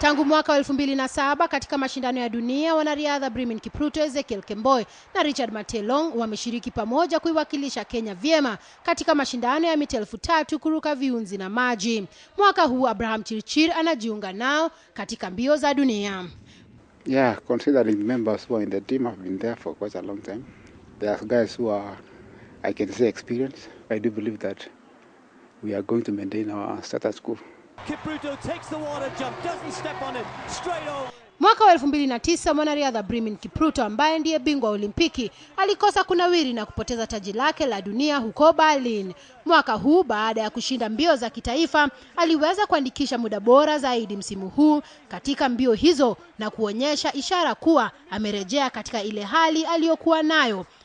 Tangu mwaka wa 2007 katika mashindano ya dunia wanariadha Brimin Kipruto, Ezekiel Kemboi na Richard Matelong wameshiriki pamoja kuiwakilisha Kenya vyema katika mashindano ya mita elfu tatu kuruka viunzi na maji. Mwaka huu Abraham Chirchir anajiunga nao katika mbio za dunia. Yeah, considering members who are in the team have been there for quite a long time. There are guys who are, I can say, experienced. I do believe that we are going to maintain our status quo. Mwaka wa 2009 mwanariadha Brimin Kipruto ambaye ndiye bingwa wa Olimpiki alikosa kunawiri na kupoteza taji lake la dunia huko Berlin. Mwaka huu baada ya kushinda mbio za kitaifa, aliweza kuandikisha muda bora zaidi msimu huu katika mbio hizo na kuonyesha ishara kuwa amerejea katika ile hali aliyokuwa nayo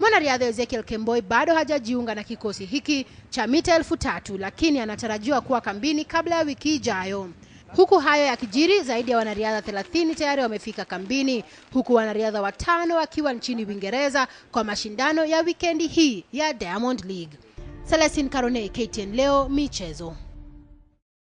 Mwanariadha Ezekiel Kemboi bado hajajiunga na kikosi hiki cha mita elfu tatu lakini anatarajiwa kuwa kambini kabla ya wiki ijayo. Huku hayo yakijiri, zaidi ya wanariadha 30 tayari wamefika kambini, huku wanariadha watano wakiwa nchini Uingereza kwa mashindano ya wikendi hii ya Diamond League. Celestine Karone, KTN Leo, michezo.